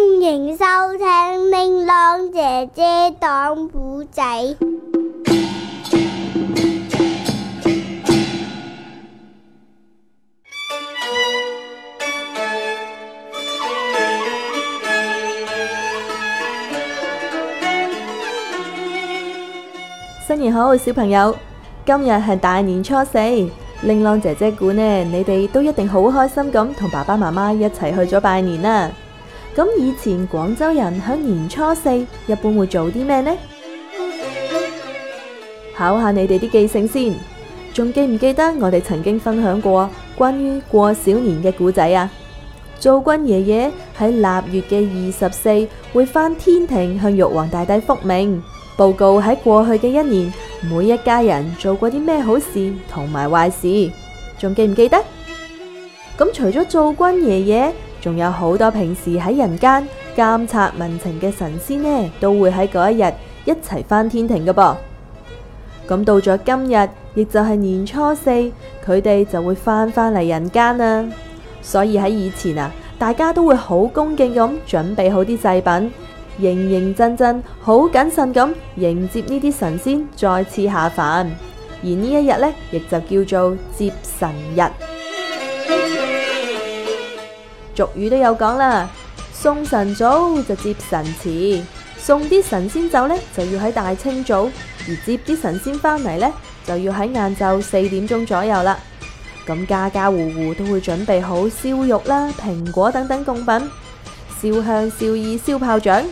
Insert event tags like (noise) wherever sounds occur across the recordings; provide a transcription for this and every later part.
歡迎收聽玲瓏姐姐講古仔。新年好，小朋友，今日係大年初四，玲瓏姐姐估呢，你哋都一定好開心咁同爸爸媽媽一齊去咗拜年啦。咁以前廣州人喺年初四一般會做啲咩呢？ (music) 考下你哋啲記性先，仲記唔記得我哋曾經分享過關於過小年嘅故仔啊？灶君爺爺喺臘月嘅二十四會翻天庭向玉皇大帝復命，報告喺過去嘅一年每一家人做過啲咩好事同埋壞事，仲記唔記得？咁、嗯、除咗灶君爺爺。仲有好多平時喺人間監察民情嘅神仙呢，都會喺嗰一日一齊返天庭㗎噃。咁到咗今日，亦就係年初四，佢哋就會返返嚟人間啦。所以喺以前啊，大家都會好恭敬咁準備好啲祭品，認認真真、好謹慎咁迎接呢啲神仙再次下凡。而呢一日呢，亦就叫做接神日。俗語都有講啦，送神早就接神遲，送啲神仙走呢就要喺大清早，而接啲神仙返嚟呢，就要喺晏晝四點鐘左右啦。咁家家戶戶都會準備好燒肉啦、蘋果等等供品，燒香、燒衣、燒炮仗，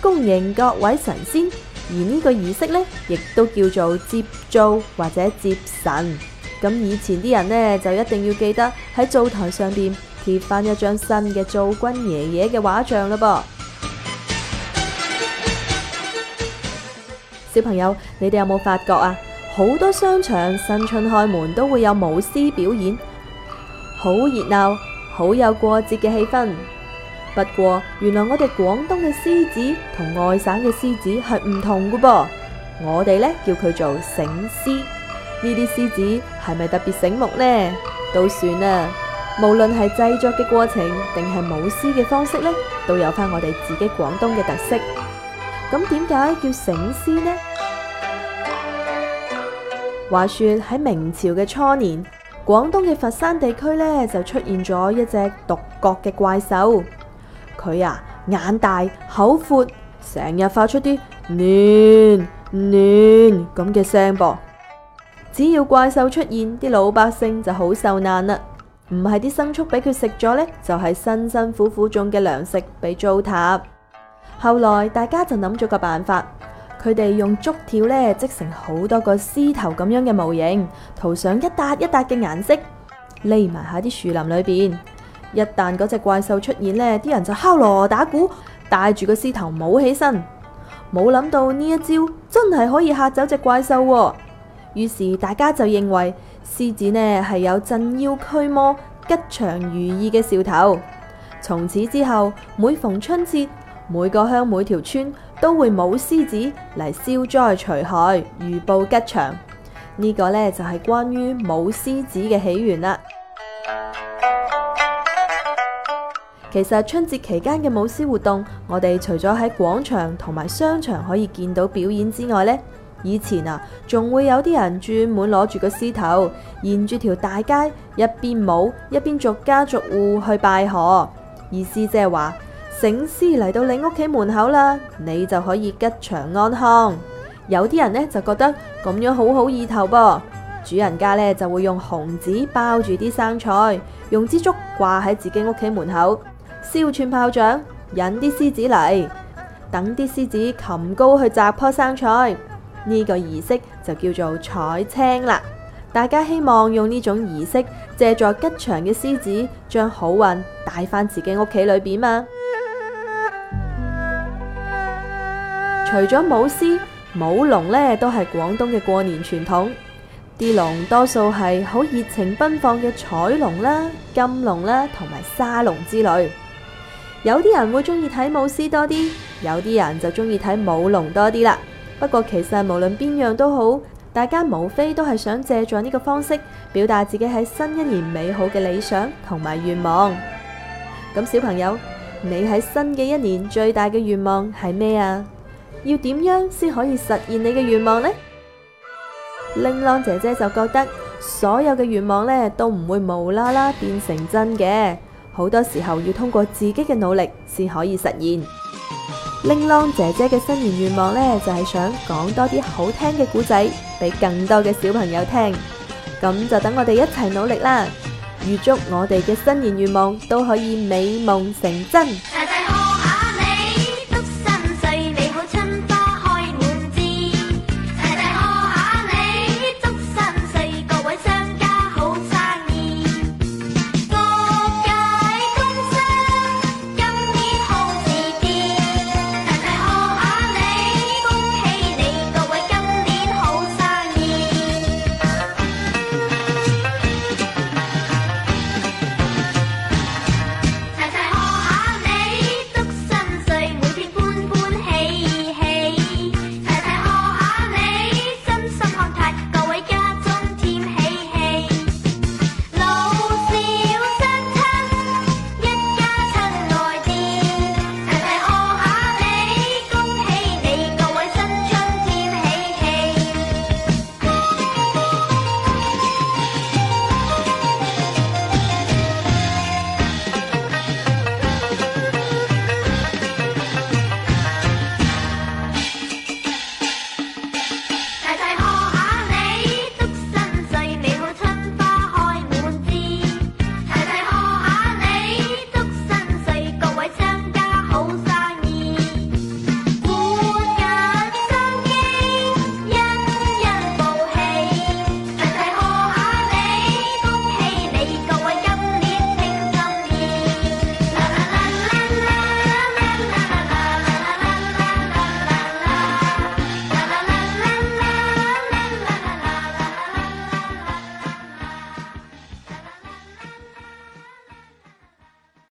恭迎各位神仙。而呢個儀式呢，亦都叫做接灶或者接神。咁以前啲人呢，就一定要記得喺灶台上邊，貼翻一張新嘅灶君爺爺嘅畫像啦噃！ (music) 小朋友，你哋有冇發覺啊？好多商場新春開門都會有舞獅表演，好熱鬧，好有過節嘅氣氛。不過，原來我哋廣東嘅獅子同外省嘅獅子係唔同嘅噃，我哋呢叫佢做醒獅。呢啲獅子係咪特別醒目呢？都算啦。無論係製作嘅過程，定係舞獅嘅方式呢，都有翻我哋自己廣東嘅特色。咁點解叫醒獅呢？ (music) 話說喺明朝嘅初年，廣東嘅佛山地區呢就出現咗一隻獨角嘅怪獸，佢啊眼大口闊，成日發出啲唸唸咁嘅聲噃。只要怪獸出現，啲老百姓就好受難啦。唔係啲牲畜俾佢食咗呢，就係辛辛苦苦種嘅糧食俾糟蹋。後來大家就諗咗個辦法，佢哋用竹條呢織成好多個獅頭咁樣嘅模型，塗上一笪一笪嘅顏色，匿埋喺啲樹林裏邊。一旦嗰隻怪獸出現呢，啲人就敲鑼打鼓，帶住個獅頭舞起身。冇諗到呢一招真係可以吓走隻怪獸啊，於是大家就認為。獅子呢係有鎮妖驅魔、吉祥如意嘅兆頭。從此之後，每逢春節，每個鄉每條村都會舞獅子嚟消災除害、預報吉祥。呢、這個呢就係、是、關於舞獅子嘅起源啦。 (music) 其實春節期間嘅舞獅活動，我哋除咗喺廣場同埋商場可以見到表演之外，呢？以前啊，仲會有啲人專門攞住個獅頭沿住條大街一邊舞一邊逐家逐戶去拜河。意思即係話醒獅嚟到你屋企門口啦，你就可以吉祥安康。有啲人呢就覺得咁樣好好意頭噃，主人家呢就會用紅紙包住啲生菜，用支竹掛喺自己屋企門口，燒串炮仗引啲獅子嚟，等啲獅子擒高去摘棵生菜。呢個儀式就叫做採青啦，大家希望用呢種儀式借助吉祥嘅獅子，將好運帶返自己屋企裏邊嘛。 (noise) 除咗舞獅，舞龍呢，都係廣東嘅過年傳統。啲龍多數係好熱情奔放嘅彩龍啦、金龍啦同埋沙龍之類。有啲人會中意睇舞獅多啲，有啲人就中意睇舞龍多啲啦。不過其實無論邊樣都好，大家無非都係想借助呢個方式表達自己喺新一年美好嘅理想同埋願望。咁小朋友，你喺新嘅一年最大嘅願望係咩啊？要點樣先可以實現你嘅願望呢？玲浪 (noise) 姐姐就覺得所有嘅願望呢都唔會無啦啦變成真嘅，好多時候要通過自己嘅努力先可以實現。令浪姐姐嘅新年願望咧，就係、是、想講多啲好聽嘅故仔俾更多嘅小朋友聽，咁就等我哋一齊努力啦！預祝我哋嘅新年願望都可以美夢成真。